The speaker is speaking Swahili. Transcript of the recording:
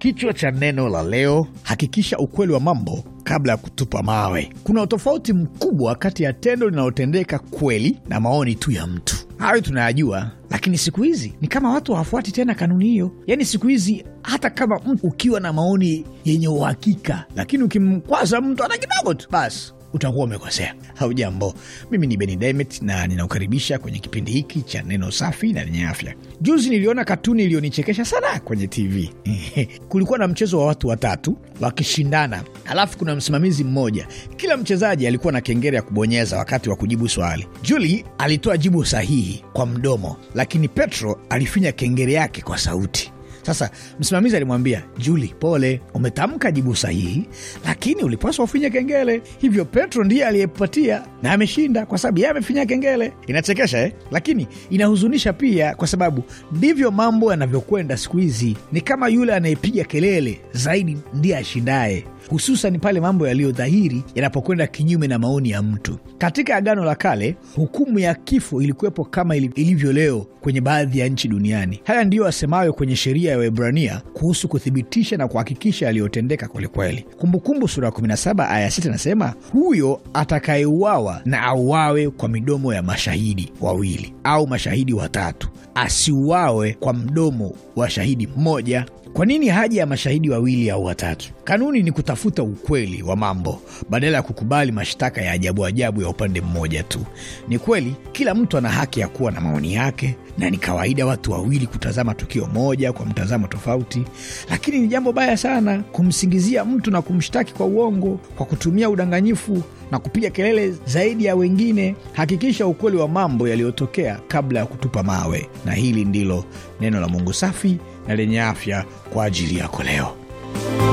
Kichwa cha neno la leo: hakikisha ukweli wa mambo kabla ya kutupa mawe. Kuna utofauti mkubwa kati ya tendo linalotendeka kweli na maoni tu ya mtu. Hayo tunayajua, lakini siku hizi ni kama watu hawafuati tena kanuni hiyo. Yaani siku hizi hata kama mtu ukiwa na maoni yenye uhakika, lakini ukimkwaza mtu ana kidogo tu, basi utakuwa umekosea. jambo mimi ni Beni Demet na ninakukaribisha kwenye kipindi hiki cha neno safi na lenye afya. Juzi niliona katuni iliyonichekesha sana kwenye TV. Kulikuwa na mchezo wa watu watatu wakishindana, halafu kuna msimamizi mmoja. Kila mchezaji alikuwa na kengele ya kubonyeza wakati wa kujibu swali. Juli alitoa jibu sahihi kwa mdomo, lakini Petro alifinya kengele yake kwa sauti. Sasa msimamizi alimwambia Juli, pole, umetamka jibu sahihi, lakini ulipaswa ufinye kengele. Hivyo Petro ndiye aliyepatia na ameshinda, kwa sababu yeye amefinya kengele. Inachekesha eh? Lakini inahuzunisha pia, kwa sababu ndivyo mambo yanavyokwenda siku hizi. Ni kama yule anayepiga kelele zaidi ndiye ashindaye hususan pale mambo yaliyo dhahiri yanapokwenda kinyume na maoni ya mtu. Katika Agano la Kale, hukumu ya kifo ilikuwepo kama ilivyo leo kwenye baadhi ya nchi duniani. Haya ndiyo asemayo kwenye sheria ya Waebrania kuhusu kuthibitisha na kuhakikisha yaliyotendeka kwelikweli. Kumbukumbu sura 17 aya 6 inasema, huyo atakayeuawa na auawe kwa midomo ya mashahidi wawili au mashahidi watatu, asiuawe kwa mdomo wa shahidi mmoja. Kwa nini haja ya mashahidi wawili au watatu? Kanuni ni kutafuta ukweli wa mambo badala ya kukubali mashtaka ya ajabu ajabu ya upande mmoja tu. Ni kweli kila mtu ana haki ya kuwa na maoni yake, na ni kawaida watu wawili kutazama tukio moja kwa mtazamo tofauti, lakini ni jambo baya sana kumsingizia mtu na kumshtaki kwa uongo, kwa kutumia udanganyifu na kupiga kelele zaidi ya wengine. Hakikisha ukweli wa mambo yaliyotokea kabla ya kutupa mawe, na hili ndilo neno la Mungu safi na lenye afya kwa ajili yako leo.